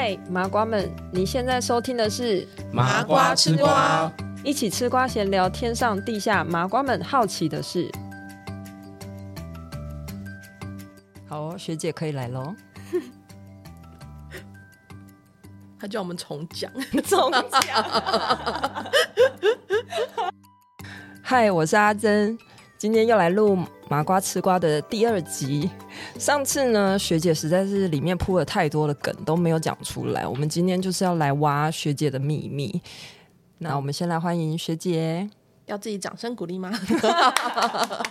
嗨，麻瓜們！你現在收聽的是《麻瓜吃瓜》，一起吃瓜閒聊天上地下，麻瓜們好奇的事。好哦，學姐可以來嘍。 他叫我們重講， 重講講。嗨， 我是阿珍，今天要來錄《麻瓜吃瓜》的第二集。上次呢，學姐實在是裡面鋪了太多的梗都沒有講出來。我們今天就是要來挖學姐的祕密。那我們先來歡迎學姐，要自己掌聲鼓勵嗎？哈，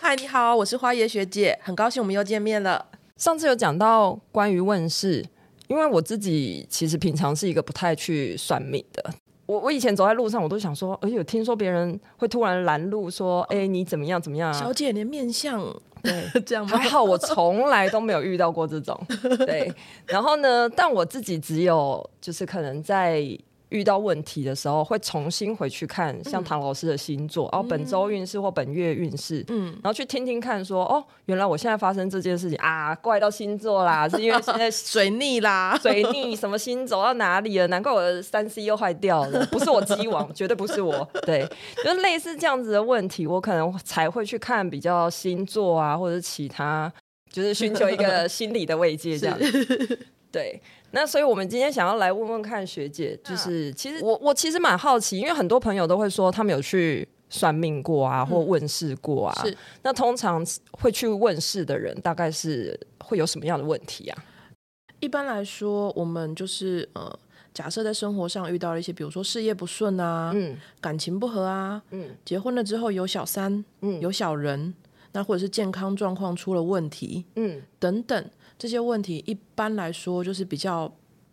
嗨，你好，我是花椰學姐，很高興我們又見面了。上次有講到關於問事，因為我自己其實平常是一個不太去算命的。我我以前走在路上，我都想說，哎呦，聽說別人會突然攔路說，哎、欸，你怎麼樣怎麼樣、啊？小姐，連面相。對，這樣嗎？還好，我從來都沒有遇到過這種。 對，然後呢？但我自己只有，就是可能在。遇到問題的時候，會重新回去看，像唐老師的星座，哦、嗯，然後本週運勢或本月運勢，嗯、然後去聽聽看說，說哦，原來我現在發生這件事情啊，怪到星座啦，是因為現在 水逆啦，水逆什麼星走到哪裡了？難怪我的三 C 又壞掉了，不是我機王， 絕對不是我。對，就是類似這樣子的問題，我可能才會去看比較星座啊，或者是其他，就是尋求一個心理的慰藉這樣。 對。那所以，我們今天想要來問問看學姐，就是其實、嗯、我我其實蠻好奇，因為很多朋友都會說他們有去算命過啊，或問事過啊、嗯。是，那通常會去問事的人，大概是會有什麼樣的問題啊？一般來說，我們就是呃，假設在生活上遇到了一些，比如說事業不順啊，嗯，感情不合啊，嗯，結婚了之後有小三，嗯，有小人，那或者是健康狀況出了問題，嗯，等等。這些問題一般來說就是比較，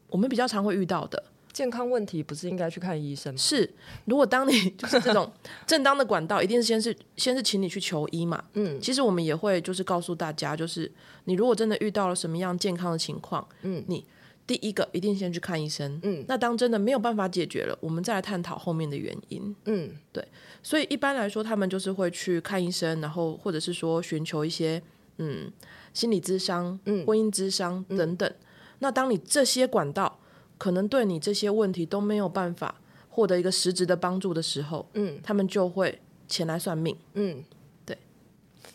我們比較常會遇到的健康問題，不是應該去看醫生是，如果當你就是這種正當的管道，一定是先是 先是請你去求醫嘛。嗯，其實我們也會就是告訴大家，就是你如果真的遇到了什麼樣健康的情況，嗯，你第一個一定先去看醫生。嗯，那當真的沒有辦法解決了，我們再來探討後面的原因。嗯，對，所以一般來說，他們就是會去看醫生，然後或者是說尋求一些嗯。心理諮商、嗯，婚姻諮商等等、嗯嗯，那當你這些管道可能對你這些問題都沒有辦法獲得一個實質的幫助的時候，嗯，他們就會前來算命，嗯，對。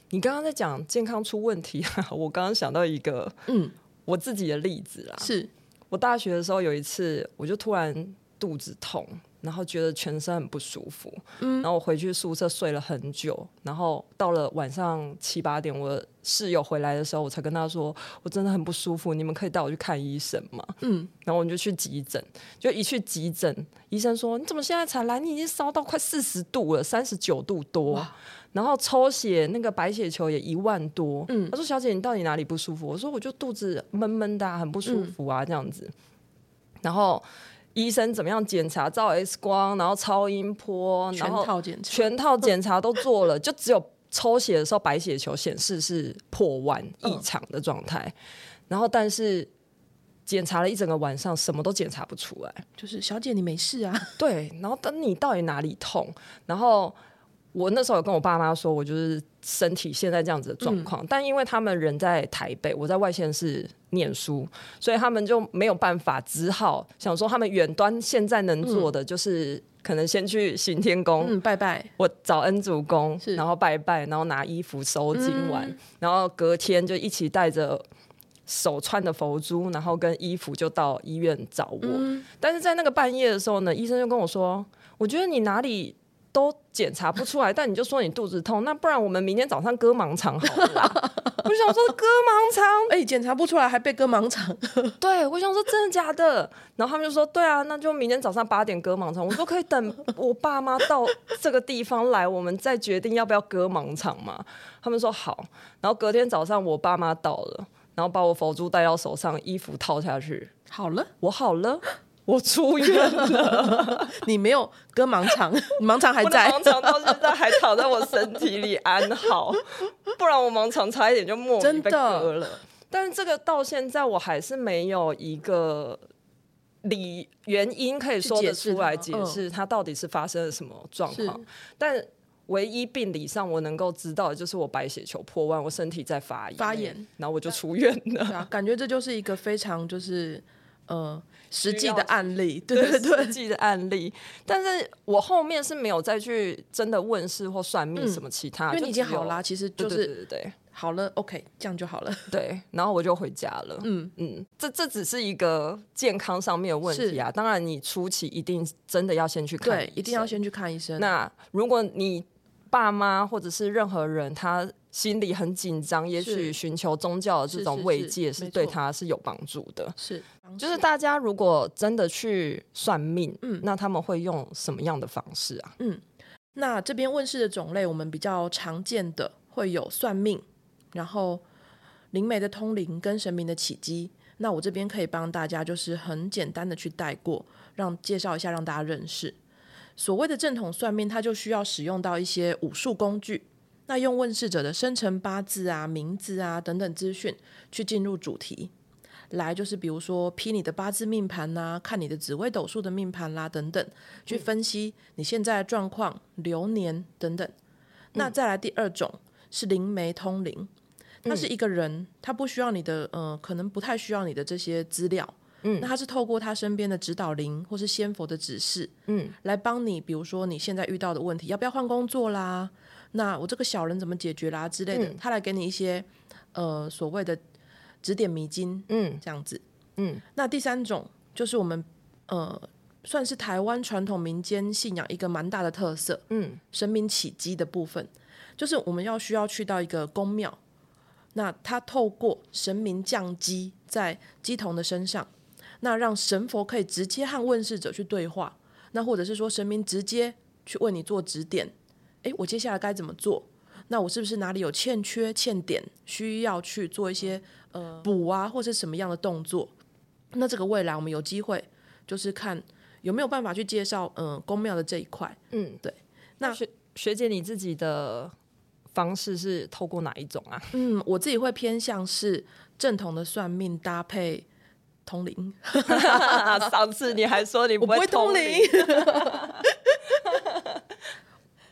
你剛剛在講健康出問題、啊、我剛剛想到一個，嗯，我自己的例子啦、啊嗯，是我大學的時候有一次，我就突然肚子痛。然後覺得全身很不舒服，嗯，然後我回去宿舍睡了很久，然後到了晚上七八點，我室友回來的時候，我才跟他說，我真的很不舒服，你們可以帶我去看醫生嗎？嗯，然後我們就去急診，就一去急診，醫生說你怎麼現在才來？你已經燒到快四十度了，三十九度多，然後抽血那個白血球也一萬多，嗯，他說小姐你到底哪裡不舒服？我說我就肚子悶悶的啊，很不舒服啊，嗯，這樣子，然後。醫生怎麼樣檢查？照 X 光，然後超音波，然後全套檢查，全套檢查都做了， 就只有抽血的時候白血球顯示是破萬異常的狀態。嗯，然後但是檢查了一整個晚上，什麼都檢查不出來，就是小姐你沒事啊？對，然後等你到底哪裡痛，然後。我那時候有跟我爸媽說，我就是身體現在這樣子的狀況、嗯，但因為他們人在台北，我在外縣市念書，所以他們就沒有辦法，只好想說他們遠端現在能做的就是可能先去行天宮、嗯、拜拜，我找恩主公，然後拜拜，然後拿衣服收驚、收、嗯、巾、完然後隔天就一起帶着手串的佛珠，然後跟衣服就到醫院找我，嗯。但是在那個半夜的時候呢，醫生就跟我說，我覺得你哪裡？都檢查不出來，但你就說你肚子痛，那不然我們明天早上割盲腸好了啦。 我就想說割盲腸，哎、欸，檢查不出來還被割盲腸。 對，我想說真的假的？ 然後他們就說對啊，那就明天早上八點割盲腸。我說可以等我爸媽到這個地方來，我們再決定要不要割盲腸嘛。他們說好。然後隔天早上我爸媽到了，然後把我佛珠戴到手上，衣服套下去，好了，我好了。我出院了， 你沒有割盲腸， 你盲腸還在，盲腸到現在還躺在我身體裡安好， 不然我盲腸差一點就莫名被割了。真的。但是這個到現在我還是沒有一個理原因可以說得出來解釋它到底是發生了什麼狀況。但唯一病理上我能夠知道的就是我白血球破萬，我身體在發炎，發炎，然後我就出院了。啊、感覺這就是一個非常就是。嗯、呃，實際的案例，對對，對，對，實際的案例。 但是我後面是沒有再去真的問事或算命什麼其他，嗯、就因為你已經好啦，其實就是對對，對，對對，好了，OK，這樣就好了。對，然後我就回家了。嗯嗯，這這只是一個健康上面的問題啊。當然，你初期一定真的要先去看醫生。對，一定要先去看醫生。那如果你爸媽或者是任何人他。心裡很緊張，也許尋求宗教的這種慰藉是對他是有幫助的。是,是,是,是，就是大家如果真的去算命，嗯，那他們會用什麼樣的方式啊？嗯，那這邊問事的種類，我們比較常見的會有算命，然後靈媒的通靈跟神明的起乩。那我這邊可以幫大家就是很簡單的去帶過，讓介紹一下讓大家認識。所謂的正統算命，它就需要使用到一些五術工具。那用問事者的生辰八字啊、名字啊等等資訊去進入主題，來就是比如說批你的八字命盤啦、啊，看你的紫微斗數的命盤啦、啊、等等，去分析你現在的狀況、流年等等、嗯。那再來第二種是靈媒通靈，他、嗯、是一個人他不需要你的呃，可能不太需要你的這些資料，嗯，那他是透過他身邊的指導靈或是仙佛的指示，嗯，來幫你，比如說你現在遇到的問題，要不要換工作啦？那我這個小人怎麼解決啦、啊、之類的、嗯，他來給你一些呃所謂的指點迷津，嗯，這樣子，嗯。那第三種就是我們呃算是台灣傳統民間信仰一個蠻大的特色，嗯，神明起乩的部分，就是我們要需要去到一個宮廟，那他透過神明降乩在乩童的身上，那讓神佛可以直接和問事者去對話，那或者是說神明直接去為你做指點。誒、欸，我接下來該怎麼做？那我是不是哪裡有欠缺、欠點，需要去做一些、嗯、呃補啊，或是什麼樣的動作？那這個未來我們有機會，就是看有沒有辦法去介紹嗯，呃、宮廟的這一塊。嗯，對。那學學姐，你自己的方式是透過哪一種啊？嗯，我自己會偏向是正統的算命搭配通靈。 上次你還說你不會，我不會通靈。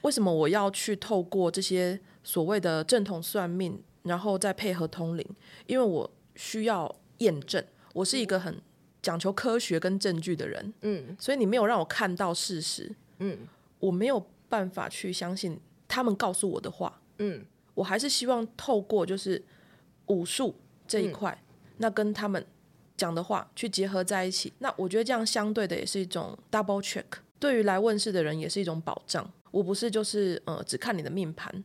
為什麼我要去透過這些所謂的正統算命，然後再配合通靈？因為我需要驗證，我是一個很講求科學跟證據的人。嗯，所以你沒有讓我看到事實。嗯，我沒有辦法去相信他們告訴我的話。嗯，我還是希望透過就是武術這一塊，嗯、那跟他們講的話去結合在一起。那我覺得這樣相對的也是一種 double check，對於來問世的人也是一種保障。我不是就是呃只看你的命盤，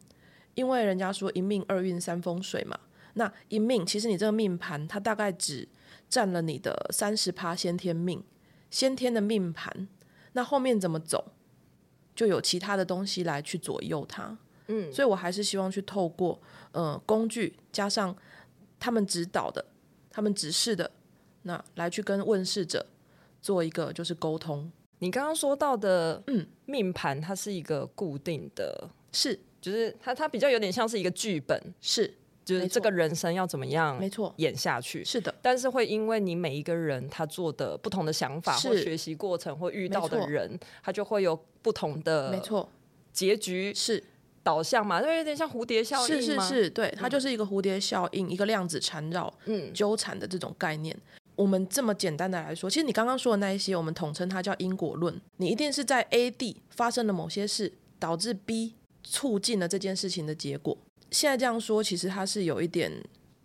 因為人家說一命二運三風水嘛。那一命其實你這個命盤它大概只佔了你的三十趴先天命，先天的命盤。那後面怎麼走，就有其他的東西來去左右它。嗯，所以我還是希望去透過呃工具加上他們指導的、他們指示的那來去跟問事者做一個就是溝通。你剛剛說到的，命盤它是一個固定的，嗯、是，就是它它比較有點像是一個劇本，是，就是這個人生要怎麼樣，沒錯，演下去，是的，但是會因為你每一個人他做的不同的想法或學習過程或遇到的人，他就會有不同的，沒錯，結局是導向嘛，因、嗯、為有點像蝴蝶效應，是是是，對，它就是一個蝴蝶效應，嗯、一個量子纏繞，嗯，糾纏的這種概念。我們這麼簡單的來說，其實你剛剛說的那一些，我們統稱它叫因果論。你一定是在 A 地發生了某些事，導致 B 促進了這件事情的結果。現在這樣說，其實它是有一點，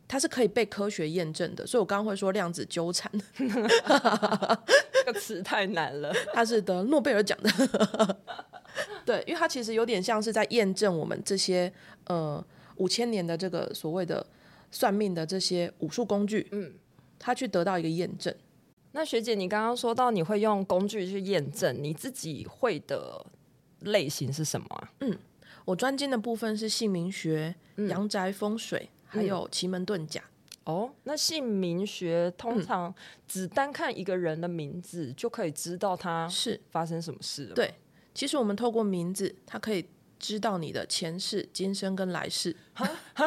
它是可以被科學驗證的。所以我剛剛會說量子糾纏，這個詞太難了，它是得諾貝爾獎的。 對，因為它其實有點像是在驗證我們這些呃五千年的這個所謂的算命的這些武術工具，嗯。他去得到一個驗證。那學姐，你剛剛說到你會用工具去驗證，你自己會的類型是什麼啊？嗯，我專精的部分是姓名學、陽、嗯、宅風水、嗯，還有奇門遁甲。哦，那姓名學通常只單看一個人的名字、嗯、就可以知道他是發生什麼事了？對，其實我們透過名字，它可以知道你的前世、今生跟來世。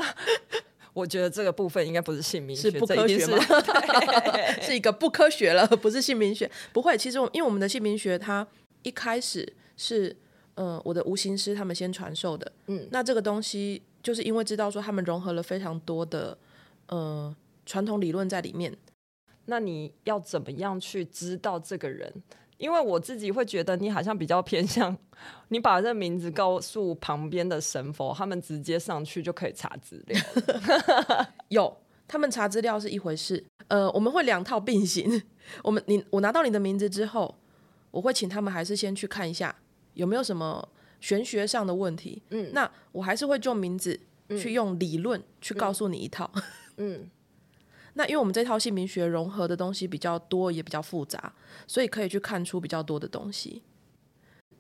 我覺得這個部分應該不是姓名學，是不科學嗎？一是， 是一個不科學了，不是姓名學。不會，其實我因為我們的姓名學，它一開始是嗯、呃，我的無形師他們先傳授的。嗯，那這個東西就是因為知道說他們融合了非常多的嗯、呃、傳統理論在裡面，那你要怎麼樣去知道這個人？因為我自己會覺得你好像比較偏向，你把這名字告訴旁邊的神佛，他們直接上去就可以查資料。 有，他們查資料是一回事。呃，我們會兩套並行。我們你我拿到你的名字之後，我會請他們還是先去看一下有沒有什麼玄學上的問題。嗯，那我還是會就名字、嗯、去用理論去告訴你一套。嗯。嗯那因為我們這套姓名學融合的東西比較多，也比較複雜，所以可以去看出比較多的東西。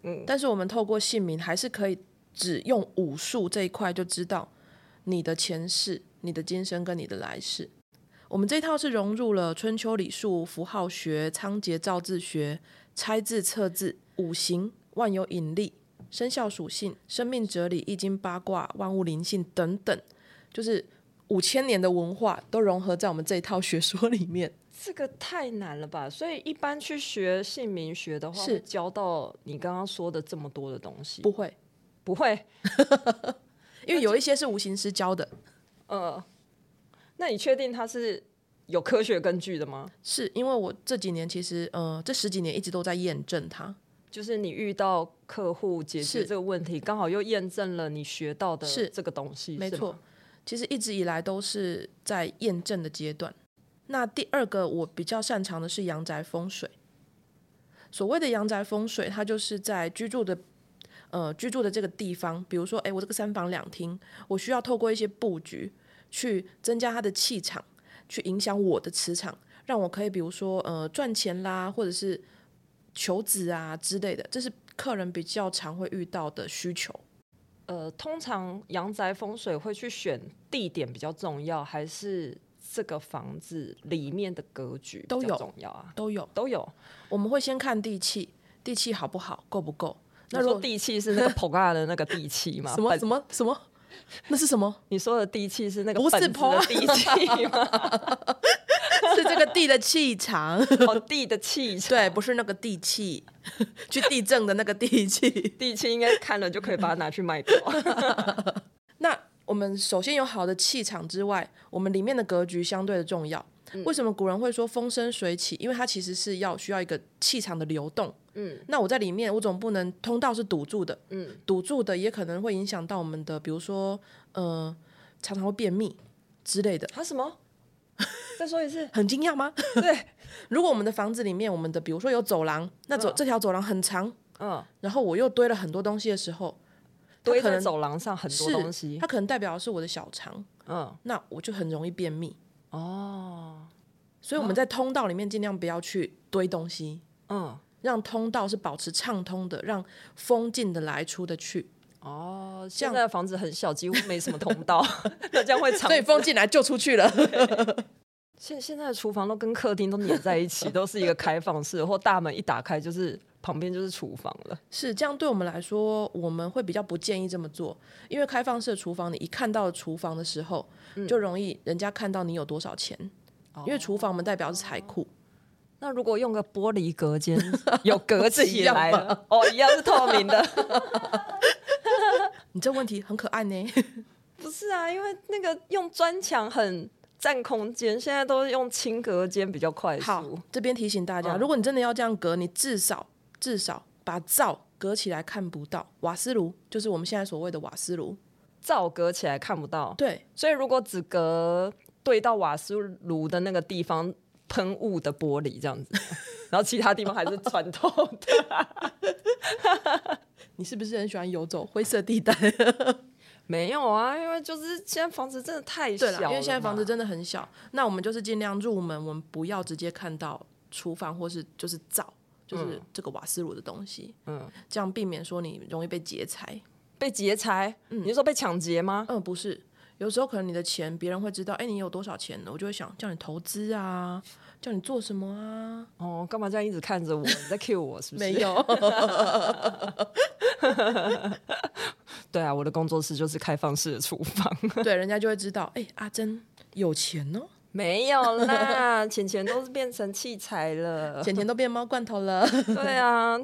嗯，但是我們透過姓名還是可以只用五術這一塊就知道你的前世、你的今生跟你的來世。我們這套是融入了春秋禮數、符號學、倉頡造字學、拆字測字、五行、萬有引力、生肖屬性、生命哲理、易經八卦、萬物靈性等等，就是。五千年的文化都融合在我們這一套學說裡面，這個太難了吧？所以一般去學姓名學的話，是教到你剛剛說的這麼多的東西？不會，不會， 因為有一些是無形師教的。呃，那你確定它是有科學根據的嗎？是因為我這幾年其實，呃，這十幾年一直都在驗證它。就是你遇到客戶解決這個問題，剛好又驗證了你學到的這個東西，沒錯。其實一直以來都是在驗證的階段。那第二個我比較擅長的是陽宅風水。所謂的陽宅風水，它就是在居住的呃居住的這個地方，比如說，哎，我這個三房兩廳，我需要透過一些布局去增加它的氣場，去影響我的磁場，讓我可以比如說呃賺錢啦，或者是求子啊之類的，這是客人比較常會遇到的需求。呃，通常陽宅風水會去選地點比較重要，還是這個房子裡面的格局比較重要啊？都有，都有，我們會先看地氣，地氣好不好，夠不夠？那如果地氣是那個破、啊、的那個地氣嗎？呵呵什麼什麼什麼？那是什麼？你說的地氣是那個不是的地氣嗎？ 是這個地的氣場， 哦，地的氣場，對，不是那個地氣，去地震的那個地氣， 地氣應該看了就可以把它拿去賣掉。 那我們首先有好的氣場之外，我們裡面的格局相對的重要，嗯。為什麼古人會說風生水起？因為它其實是要需要一個氣場的流動。嗯，那我在裡面，我總不能通道是堵住的。嗯，堵住的也可能會影響到我們的，比如說，呃，常常會便秘之類的。他、啊、什麼？再說一次，很驚訝嗎？對， 如果我們的房子裡面，我們的比如說有走廊，那走、嗯、這條走廊很長，嗯，然後我又堆了很多東西的時候，堆在走廊上很多東西，它可能，它可能代表的是我的小腸，嗯，那我就很容易便秘哦。所以我們在通道裡面盡量不要去堆東西，嗯，讓通道是保持暢通的，讓風進的來，出的去。哦，像現在的房子很小，幾乎沒什麼通道，那這 樣會長，對，風進來就出去了。現現在的廚房都跟客廳都粘在一起， 都是一個開放式，或大門一打開就是旁邊就是廚房了。是這樣，對我們來說，我們會比較不建議這麼做，因為開放式的廚房，你一看到廚房的時候、嗯，就容易人家看到你有多少錢，嗯、因為廚房門代表是財庫、哦。那如果用個玻璃隔間，有隔起來了哦，一樣是透明的。 你這問題很可愛呢、欸。不是啊，因為那個用磚牆很。占空間，現在都用輕隔間比較快速。好，這邊提醒大家、嗯，如果你真的要這樣隔，你至少至少把灶隔起來看不到，瓦斯爐就是我們現在所謂的瓦斯爐，灶隔起來看不到。對，所以如果只隔對到瓦斯爐的那個地方噴霧的玻璃這樣子， 然後其他地方還是傳統的、啊。的。 你是不是很喜歡遊走灰色地帶？ 沒有啊，因為就是現在房子真的太小了。對，因為現在房子真的很小。那我們就是盡量入門，我們不要直接看到廚房或是就是灶，就是這個瓦斯爐的東西嗯。嗯，這樣避免說你容易被劫財。被劫財？你是說被搶劫嗎？嗯。嗯，不是。有時候可能你的錢別人會知道，哎，你有多少錢呢？我就會想叫你投資啊，叫你做什麼啊？哦，幹嘛這樣一直看着我？你在 cue 我是不是？沒有。 對啊，我的工作室就是開放式的廚房。 對，人家就會知道，哎、欸，阿珍有錢哦、喔。沒有啦， 錢錢都是變成器材了， 錢錢都變貓罐頭了。 對啊，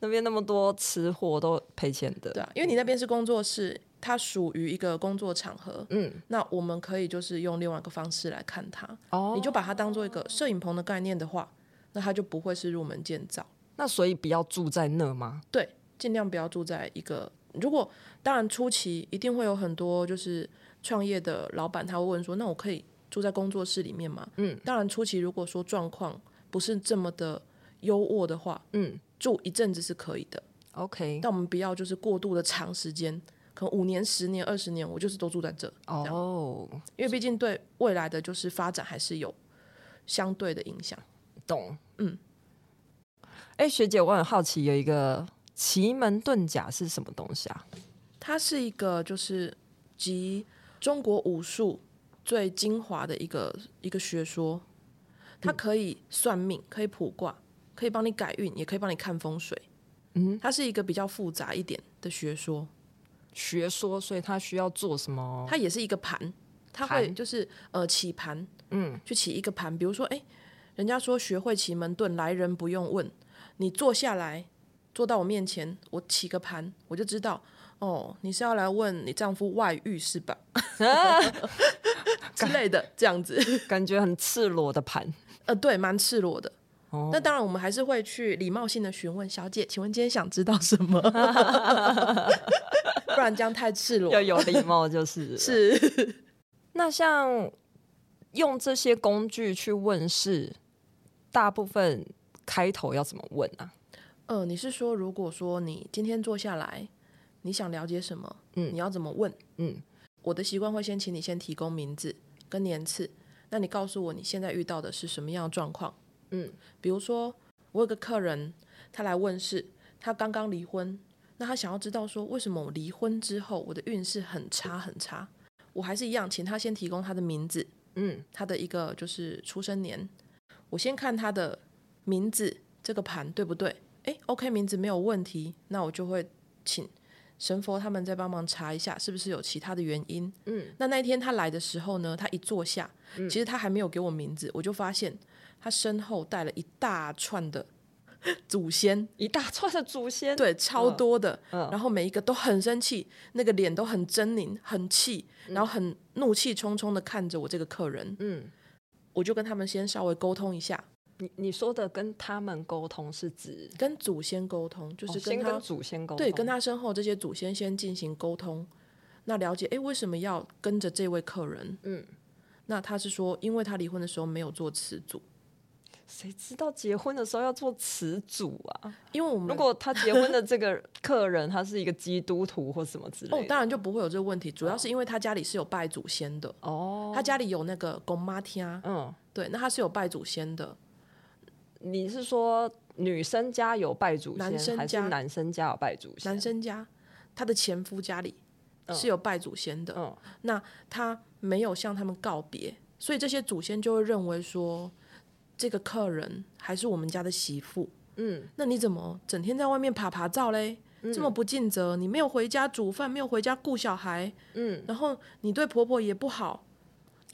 那邊那麼多吃貨都賠錢的。對啊，因為你那邊是工作室，嗯、它屬於一個工作場合。嗯，那我們可以就是用另外一個方式來看它。哦，你就把它當做一個攝影棚的概念的話，那它就不會是入門見灶。那所以不要住在那嗎？對，盡量不要住在一個。如果，當然初期一定會有很多就是創業的老闆，他會問說：“那我可以住在工作室裡面嗎？”嗯，當然初期如果說狀況不是這麼的優渥的話，嗯，住一陣子是可以的。OK，但我們不要就是過度的長時間，可能五年、十年、二十年，我就是都住在這。哦，因為畢竟對未來的就是發展還是有相對的影響。懂，嗯。哎，學姐，我很好奇，有一個。奇門遁甲是什麼東西啊？它是一個，就是集中國武術最精華的一個一個學說。它可以算命，可以卜卦，可以幫你改運，也可以幫你看風水。嗯，它是一個比較複雜一點的學說。嗯、學說，所以它需要做什麼、哦？它也是一個盤，它會就是盤呃起盤，嗯，去起一個盤。比如說，哎、欸，人家說學會奇門遁，來人不用問，你坐下來。坐到我面前，我起個盤，我就知道，哦，你是要來問你丈夫外遇是吧？ 之類的，這樣子，感覺很赤裸的盤。呃，對，蠻赤裸的。哦、那當然，我們還是會去禮貌性的詢問，小姐，請問今天想知道什麼？ 不然這樣太赤裸。要有禮貌就是。是。 那像用這些工具去問事，大部分開頭要怎麼問啊？呃，你是說，如果說你今天坐下來，你想了解什麼？嗯，你要怎麼問？嗯，我的習慣會先請你先提供名字跟年次。那你告訴我你現在遇到的是什麼樣的狀況？嗯，比如說我有個客人，他來問事，他剛剛離婚，那他想要知道說為什麼我離婚之後我的運勢很差很差。嗯。我還是一樣，請他先提供他的名字，嗯，他的一個就是出生年，我先看他的名字，這個盤，對不對？誒，OK，名字沒有問題，那我就會請神佛他們再幫忙查一下，是不是有其他的原因？嗯，那那一天他來的時候呢，他一坐下，其實他還沒有給我名字、嗯，我就發現他身後帶了一大串的祖先，一大串的祖先，對，超多的，哦、然後每一個都很生氣，那個臉都很猙獰，很氣、嗯，然後很怒氣沖沖的看着我這個客人。嗯，我就跟他們先稍微溝通一下。你你說的跟他們溝通是指跟祖先溝通？就是跟他、哦、先跟祖先溝通，對，跟他身後這些祖先先進行溝通，那了解，哎、欸、為什麼要跟着這位客人？嗯，那他是說，因為他離婚的時候沒有做辭祖，誰知道結婚的時候要做辭祖啊？因為我們如果他結婚的這個客人他是一個基督徒或什麼之類的， 哦，當然就不會有這個問題。主要是因為他家裡是有拜祖先的哦，他家裡有那個公媽廳，嗯，對，那他是有拜祖先的。你是說女生家有拜祖先男生家，還是男生家有拜祖先？男生家，他的前夫家裡是有拜祖先的。嗯嗯、那他沒有向他們告別，所以這些祖先就會認為說，這個客人還是我們家的媳婦。嗯，那你怎麼整天在外面趴趴走嘞、嗯？這麼不盡責，你沒有回家煮飯，沒有回家顧小孩。嗯，然後你對婆婆也不好。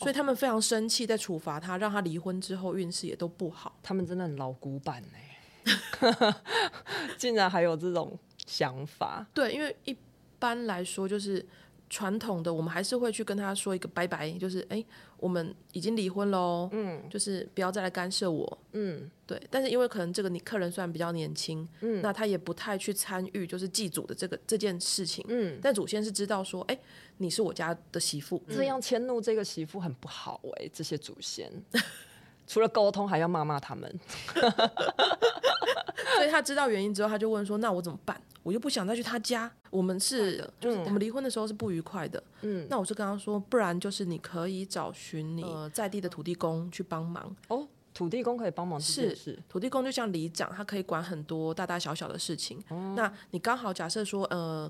所以他們非常生氣，在處罰他，讓他離婚之後運勢也都不好。他們真的很老古板呢， 竟然還有這種想法。對，因為一般來說就是。傳統的我們還是會去跟他說一個拜拜，就是哎，欸，我們已經離婚嘍，嗯，就是不要再來干涉我，嗯，對。但是因為可能這個你客人雖然比較年輕，嗯，那他也不太去參與就是祭祖的這個這件事情，嗯，但祖先是知道說，哎，欸，你是我家的媳婦，嗯，這樣遷怒這個媳婦很不好，欸，哎，這些祖先。 除了溝通，還要罵罵他們 。 所以他知道原因之後，他就問說：“那我怎麼辦？我又不想再去他家。我們是就是、嗯、我們離婚的時候是不愉快的。嗯，那我就跟他說，不然就是你可以找尋你在地的土地公去幫忙。哦，土地公可以幫忙是是。土地公就像里長，他可以管很多大大小小的事情。嗯、那你剛好假設說呃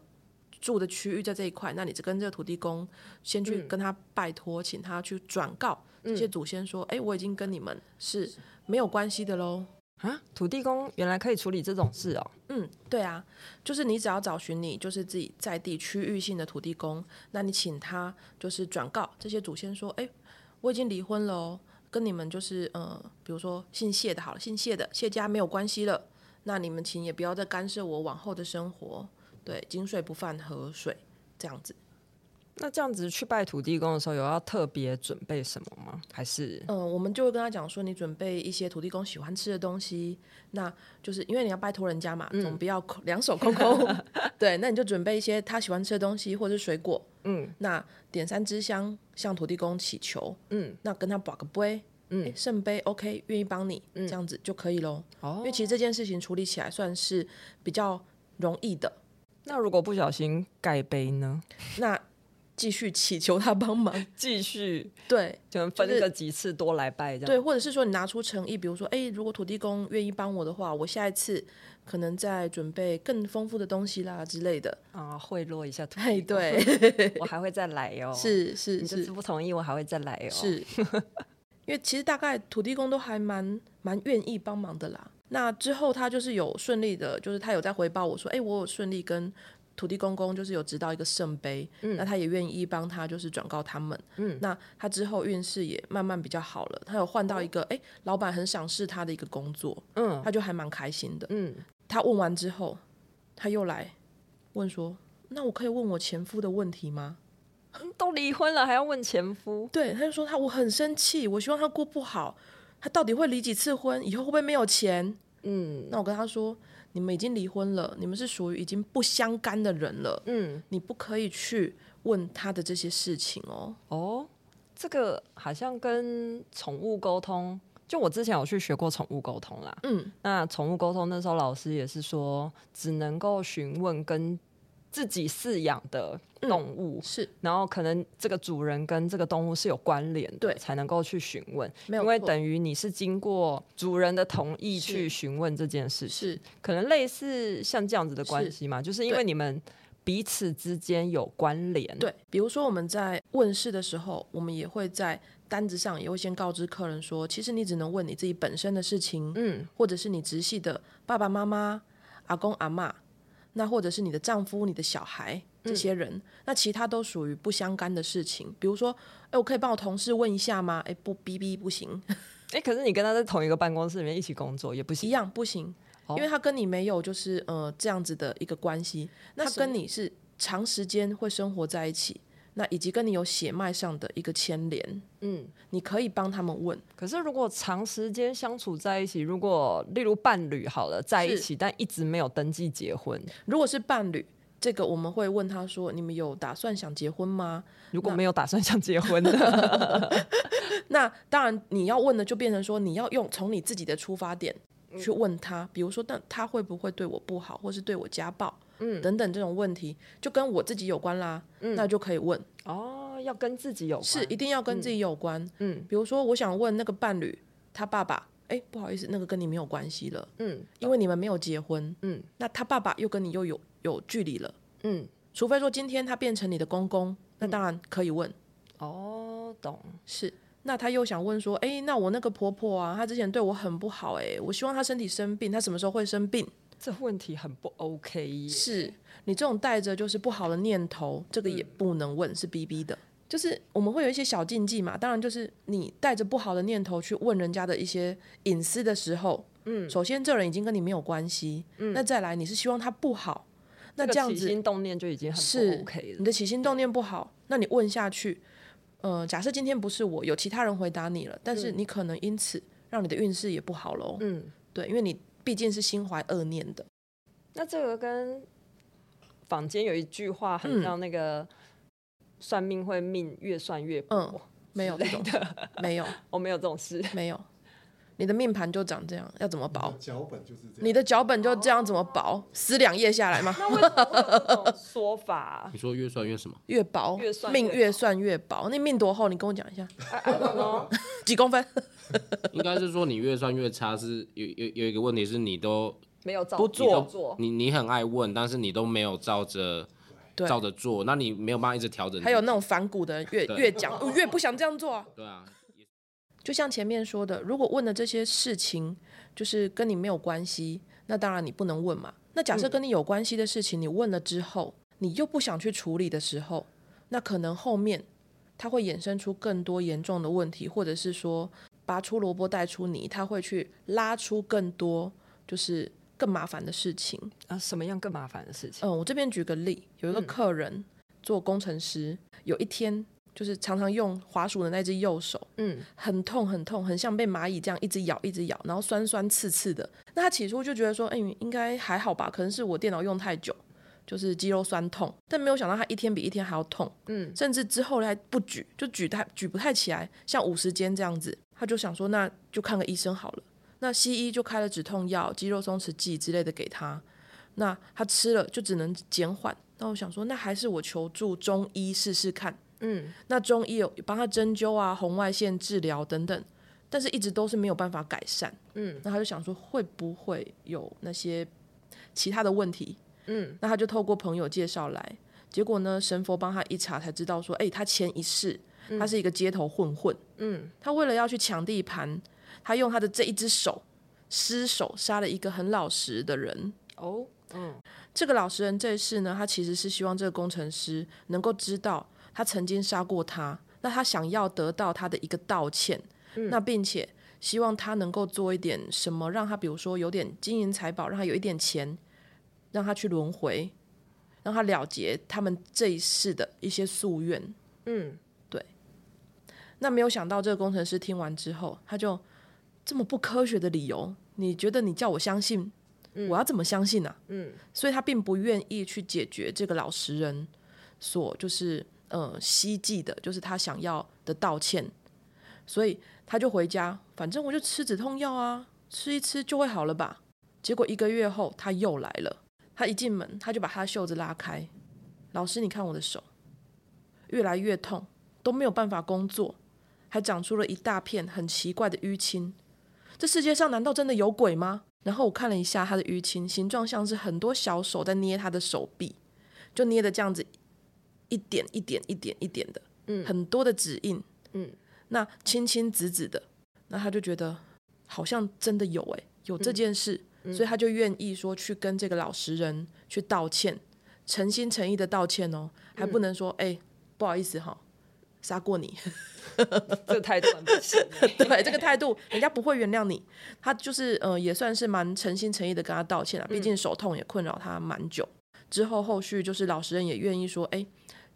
住的區域在這一塊，那你就跟這個土地公先去跟他拜託、嗯，請他去轉告。”這些祖先說：“誒、嗯欸，我已經跟你們是，是沒有關係的嘍。”啊，土地公原來可以處理這種事哦。嗯，對啊，就是你只要找尋你就是自己在地區域性的土地公，那你請他就是轉告這些祖先說：“誒、欸，我已經離婚了，跟你們就是呃，比如說姓謝的好了，姓謝的謝家沒有關係了，那你們請也不要再干涉我往後的生活，對，井水不犯河水這樣子。”那這樣子去拜土地公的時候，有要特別準備什麼嗎？還是嗯、呃，我們就會跟他講說，你準備一些土地公喜歡吃的東西，那就是因為你要拜託人家嘛，嗯、總不要兩手空空。 對，那你就準備一些他喜歡吃的東西，或者是水果。嗯，那點三支香，向土地公祈求。嗯，那跟他保個杯。嗯，欸、聖杯 OK，願意幫你，嗯，這樣子就可以咯。哦，因為其實這件事情處理起來算是比較容易的。那如果不小心蓋杯呢？那繼續祈求他幫忙，繼續對，就分個幾次多來拜這樣、就是。對，或者是說你拿出誠意，比如說，哎，如果土地公願意幫我的話，我下一次可能再準備更豐富的東西啦之類的啊，賄賂一下土地公。對，我還會再來喲。是是是，你這次不同意我還會再來哦。是，因為其實大概土地公都還蠻蠻願意幫忙的啦。那之後他就是有順利的，就是他有在回報我說，哎，我有順利跟。土地公公就是有知道一個聖杯，嗯，那他也願意幫他，就是轉告他們，嗯。那他之後運勢也慢慢比較好了，他有換到一個，誒、嗯欸、老闆很賞識他的一個工作。嗯，他就還蠻開心的。嗯，他問完之後，他又來問說：“那我可以問我前夫的問題嗎？都離婚了還要問前夫？”對，他就說：“他我很生氣，我希望他過不好，他到底會離幾次婚？以後會不會沒有錢？”嗯，那我跟他說。你們已經離婚了，你們是屬於已經不相干的人了。嗯，你不可以去問他的這些事情哦。哦，這個好像跟寵物溝通，就我之前有去學過寵物溝通啦。嗯，那寵物溝通那時候老師也是說，只能夠詢問跟。自己飼養的動物、嗯、是，然後可能這個主人跟這個動物是有關聯的，才能夠去詢問，沒有錯，因為等於你是經過主人的同意去詢問這件事情，是可能類似像這樣子的關係嘛，就是因為你們彼此之間有關聯，對，對，比如說我們在問事的時候，我們也會在單子上也會先告知客人說，其實你只能問你自己本身的事情，嗯，或者是你直系的爸爸媽媽、阿公阿嬤。那或者是你的丈夫、你的小孩這些人，嗯，那其他都屬於不相干的事情。比如說，哎、欸，我可以幫我同事問一下嗎？哎、欸，不，逼逼不行。哎、欸，可是你跟他在同一個辦公室裡面一起工作也不行，一樣不行，哦，因為他跟你沒有就是呃這樣子的一個關係。那他跟你是長時間會生活在一起。那以及跟你有血脈上的一個牽連，嗯，你可以幫他們問。可是如果長時間相處在一起，如果例如伴侶好了在一起，但一直沒有登記結婚，如果是伴侶，這個我們會問他說：你們有打算想結婚嗎？如果沒有打算想結婚，那， 那當然你要問的就變成說，你要用從你自己的出發點去問他，嗯、比如說但他會不會對我不好，或是對我家暴？嗯，等等，這種問題就跟我自己有關啦，嗯、那就可以問哦，要跟自己有關，是一定要跟自己有關，嗯，嗯，比如說我想問那個伴侶他爸爸，哎、欸，不好意思，那個跟你沒有關係了，嗯，因為你們沒有結婚，嗯，那他爸爸又跟你又有有距離了，嗯，除非說今天他變成你的公公、嗯，那當然可以問，哦，懂，是，那他又想問說，哎、欸，那我那個婆婆啊，她之前對我很不好、欸，哎，我希望她身體生病，她什麼時候會生病？這問題很不 OK，是你這種帶着就是不好的念頭，這個也不能問是，是 BB 的，就是我們會有一些小禁忌嘛。當然，就是你帶着不好的念頭去問人家的一些隱私的時候，嗯，首先這人已經跟你沒有關係，嗯，那再來你是希望他不好，嗯、那這樣子、這個、起心動念就已經很不 OK 了是。你的起心動念不好，那你問下去，呃，假設今天不是我，有其他人回答你了，但是你可能因此讓你的運勢也不好嘍，嗯，對，因為你。畢竟是心懷惡念的，那這個跟坊間有一句話，很像那個算命會命越算越薄，嗯嗯，沒有的，沒有，我沒有這種事，沒有。你的命盤就長這樣，要怎麼薄？腳本就是這樣。你的腳本就這樣，怎麼薄？Oh. 撕兩頁下來嗎？ 那為什麼會有這種說法？你說越算越什麼？越薄。越算命越算越薄，那命多厚？你跟我講一下。 幾公分？ 應該是說你越算越差是，是有有有一個問題是你都沒有照做，你你，你很愛問，但是你都沒有照着照着做，那你沒有辦法一直調整、那個。還有那種反骨的人，越越講越不想這樣做。 對啊。就像前面說的，如果問的這些事情就是跟你沒有關係，那當然你不能問嘛。那假設跟你有關係的事情，你問了之後、嗯，你又不想去處理的時候，那可能後面他會衍生出更多嚴重的問題，或者是說拔出蘿蔔帶出泥，他會去拉出更多就是更麻煩的事情啊？什麼樣更麻煩的事情？嗯，我這邊舉個例，有一個客人做工程師，嗯、有一天。就是常常用滑鼠的那隻右手，嗯，很痛很痛，很像被螞蟻這樣一直咬一直咬，然後痠痠刺刺的。那他起初就覺得說，哎、欸，應該還好吧，可能是我電腦用太久，就是肌肉痠痛。但沒有想到他一天比一天還要痛，嗯，甚至之後呢還不舉，就舉太舉不太起來，像五十肩這樣子。他就想說，那就看個醫生好了。那西醫就開了止痛藥、肌肉鬆弛劑之類的給他，那他吃了就只能減緩。那我想說，那還是我求助中醫試試看。嗯，那中醫有幫他針灸啊、紅外線治療等等，但是一直都是沒有辦法改善。嗯，那他就想說，會不會有那些其他的問題？嗯，那他就透過朋友介紹來，結果呢，神佛幫他一查，才知道說，欸，他前一世他是一個街頭混混。嗯，嗯，他為了要去搶地盤，他用他的這一只手失手殺了一個很老實的人。哦，嗯，這個老實人這一世呢，他其實是希望這個工程師能夠知道。他曾經殺過他，那他想要得到他的一個道歉，嗯，那並且希望他能夠做一點什麼，讓他比如說有點金銀財寶，讓他有一點錢，讓他去輪迴，讓他了結他們這一世的一些夙願，嗯，對。那沒有想到這個工程師聽完之後，他就這麼不科學的理由，你覺得你叫我相信，嗯，我要怎麼相信呢，啊？嗯，所以他並不願意去解決這個老實人所就是。嗯，希冀的就是他想要的道歉，所以他就回家，反正我就吃止痛藥啊，吃一吃就會好了吧。結果一個月後他又來了，他一進門他就把他袖子拉開，老師你看我的手越來越痛，都沒有辦法工作，還長出了一大片很奇怪的淤青。這世界上難道真的有鬼嗎？然後我看了一下他的淤青，形狀像是很多小手在捏他的手臂，就捏的這樣子。一點一點一點一點的，嗯、很多的指印，嗯，那青青紫紫的，那他就覺得好像真的有哎、欸，有這件事，嗯嗯、所以他就願意說去跟這個老實人去道歉，誠心誠意的道歉哦、喔，還不能說哎、嗯欸、不好意思哈，殺過你， 這態度， 對，這個態度 人家不會原諒你，他就是呃也算是蠻誠心誠意的跟他道歉了，畢竟手痛也困擾他蠻久、嗯，之後後續就是老實人也願意說哎。欸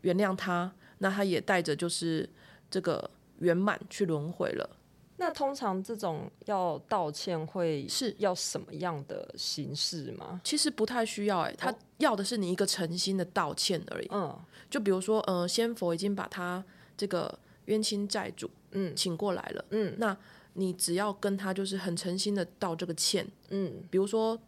原諒他，那他也帶着就是這個圓滿去輪迴了。那通常這種要道歉會是要什麼樣的形式嗎？其實不太需要哎、欸，他要的是你一個誠心的道歉而已。嗯，就比如說，呃，仙佛已經把他這個冤親債主嗯請過來了，嗯，那你只要跟他就是很誠心的道這個歉，嗯，比如說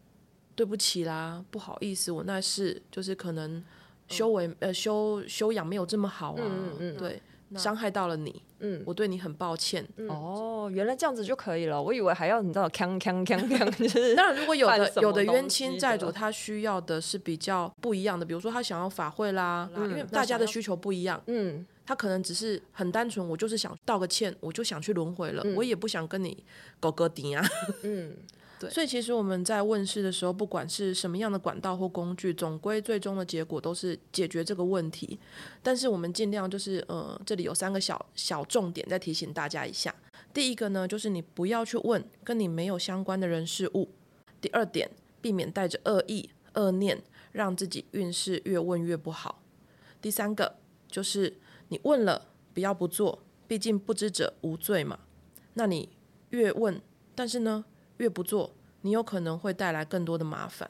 對不起啦，不好意思，我那是就是可能。修為呃修修養沒有這麼好啊，嗯嗯、對，傷害到了你，嗯，我對你很抱歉，嗯嗯。哦，原來這樣子就可以了，我以為還要你知道鏘鏘鏘。鏘。 當然，如果有的、的有的冤親債主，他需要的是比較不一樣的，比如說他想要法會啦，嗯，因為大家的需求不一樣，嗯，他可能只是很單純，我就是想道個歉，我就想去輪回了，嗯，我也不想跟你搞個迪啊，嗯。 所以其實我們在問事的時候，不管是什麼樣的管道或工具，總歸最終的結果都是解決這個問題。但是我們盡量就是，呃，這裡有三個小小重點，再提醒大家一下。第一個呢，就是你不要去問跟你沒有相關的人事物。第二點，避免帶着惡意、惡念，讓自己運勢越問越不好。第三個就是你問了，不要不做，畢竟不知者無罪嘛。那你越問，但是呢，越不做，你有可能會帶來更多的麻煩。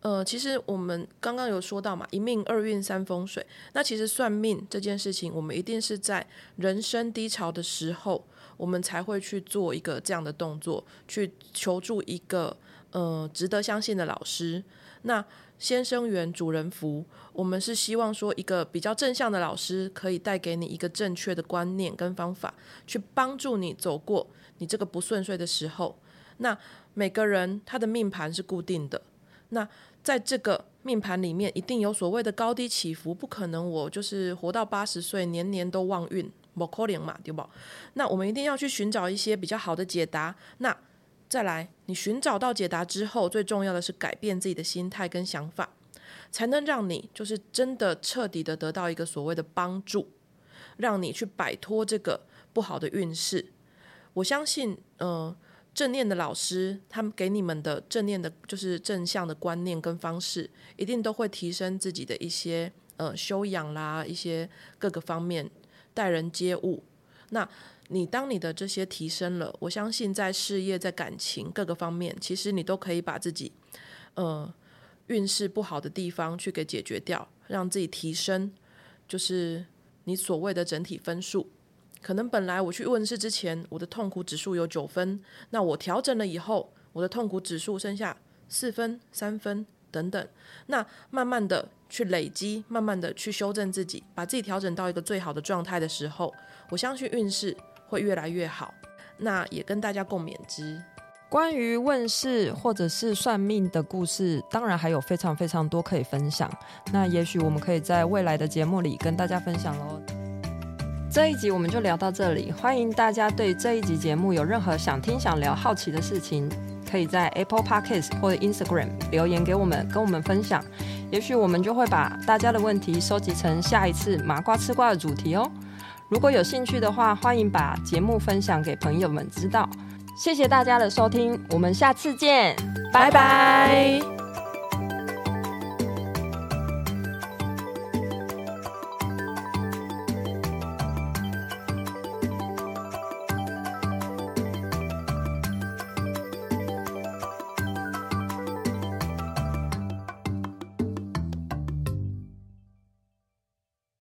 呃，其實我們剛剛有說到嘛，一命二運三風水。那其實算命這件事情，我們一定是在人生低潮的時候，我們才會去做一個這樣的動作，去求助一個呃值得相信的老師。那先生緣主人福，我們是希望說一個比較正向的老師，可以帶給你一個正確的觀念跟方法，去幫助你走過你這個不順遂的時候。那每個人他的命盤是固定的，那在這個命盤裡面一定有所謂的高低起伏，不可能我就是活到八十歲年年都旺運，不可能嘛，對不？那我們一定要去尋找一些比較好的解答。那再來，你尋找到解答之後，最重要的是改變自己的心態跟想法，才能讓你就是真的徹底的得到一個所謂的幫助，讓你去擺脫這個不好的運勢。我相信，嗯、呃。正念的老師，他們給你們的正念的，就是正向的觀念跟方式，一定都會提升自己的一些呃修養啦，一些各個方面待人接物。那你當你的這些提升了，我相信在事業、在感情各個方面，其實你都可以把自己呃運勢不好的地方去給解決掉，讓自己提升，就是你所謂的整體分數。可能本來我去問事之前，我的痛苦指數有九分，那我調整了以後，我的痛苦指數剩下四分，三分等等，那慢慢的去累積，慢慢的去修正自己，把自己調整到一個最好的狀態的時候，我相信運勢會越來越好。那也跟大家共勉之。關於問事或者是算命的故事，當然還有非常非常多可以分享，那也許我們可以在未來的節目裡跟大家分享嘍。這一集我們就聊到這裡。歡迎大家對這一集節目有任何想聽、想聊、好奇的事情，可以在 Apple Podcast 或者 Instagram 留言給我們，跟我們分享。也許我們就會把大家的問題收集成下一次麻瓜吃瓜的主題哦。如果有興趣的話，歡迎把節目分享給朋友們知道。謝謝大家的收聽，我們下次見，拜拜。拜拜。